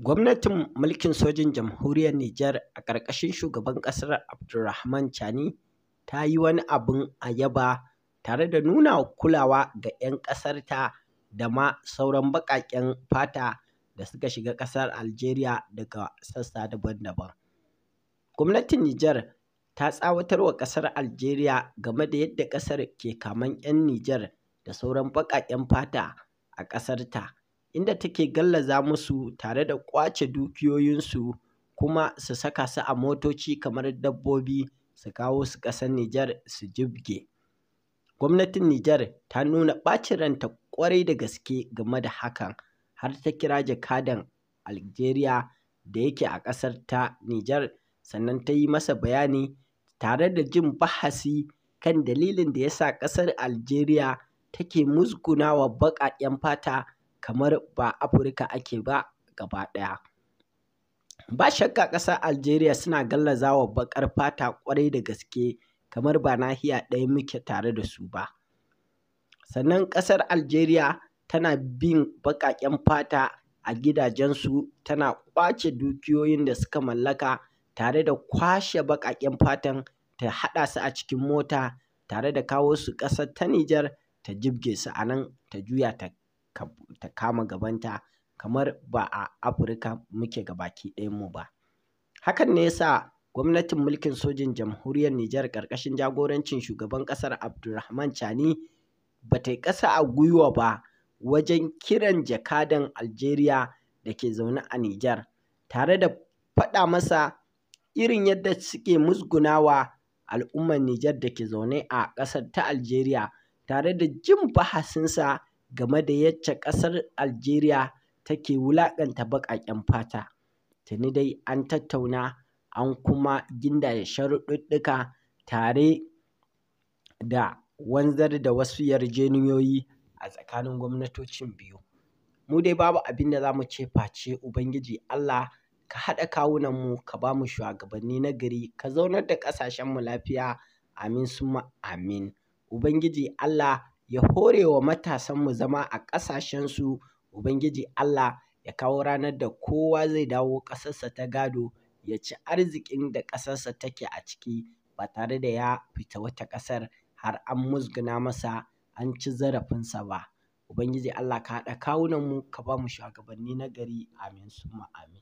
Gwamnatin mulkin sojin jamhuriyar Nijar a ƙarƙashin shugaban ƙasar Abdulrahman Chani ta yi wani abin a yaba tare da nuna kulawa ga 'yan ƙasarta da ma sauran baƙaƙen fata da suka shiga ƙasar Aljeriya daga sassa daban-daban. Gwamnatin Nijar ta tsawatar wa ƙasar Aljeriya game da yadda ƙasar ke kamen 'yan Nijar da sauran baƙaƙen fata a ƙasarta. inda take gallaza musu tare da ƙwace dukiyoyinsu kuma su saka su a motoci kamar dabbobi su kawo su ƙasar Nijar su jibge. Gwamnatin Nijar ta nuna ɓacin ranta ƙwarai da gaske game da hakan har ta kira jakadan Algeria da yake a ƙasar ta Nijar sannan ta yi masa bayani tare da jin bahasi kan dalilin da ya sa ƙasar Algeria take musgunawa baƙaƙen fata kamar ba Afirka ake ba gaba ɗaya. Ba shakka ƙasar Algeria suna gallazawa baƙar fata ƙwarai da gaske kamar ba nahiya ɗaya muke tare da su ba. Sannan ƙasar Algeria tana bin baƙaƙen fata a gidajensu tana ƙwace dukiyoyin da suka mallaka tare da kwashe baƙaƙen fatan ta haɗa su a cikin mota tare da kawo su ƙasar ta Nijar ta jibge su a nan ta juya ta ta kama gabanta kamar ba a Afirka muke gabaki mu ba. Hakan ne yasa gwamnatin mulkin sojin jamhuriyar Nijar ƙarƙashin jagorancin shugaban ƙasar abdulrahman Chani ba ta yi ƙasa a gwiwa ba wajen kiran jakadan Algeria da ke zaune a Nijar tare da faɗa masa irin yadda suke musgunawa al'ummar Nijar da ke zaune a ƙasar ta Algeria tare da jin bahasinsa game da yacce ƙasar Aljeriya take wulaƙanta baƙaƙen fata, tuni dai an tattauna an kuma gindaya sharuɗɗuka tare da wanzar da wasu yarjejeniyoyi a tsakanin gwamnatocin biyu. Mu dai babu abin da za mu ce face Ubangiji Allah ka haɗa kawunanmu ka ba mu shugabanni na gari ka zaunar da ƙasashenmu lafiya amin summa amin. Ubangiji Allah ya hore wa matasanmu zama a ƙasashensu Ubangiji Allah ya kawo ranar da kowa zai dawo ƙasarsa ta gado ya ci arzikin da ƙasarsa take a ciki ba tare da ya fita wata ƙasar har an musguna masa an ci zarafinsa ba. Ubangiji Allah ka haɗa kawunanmu ka ba mu shugabanni na gari amin suma amin.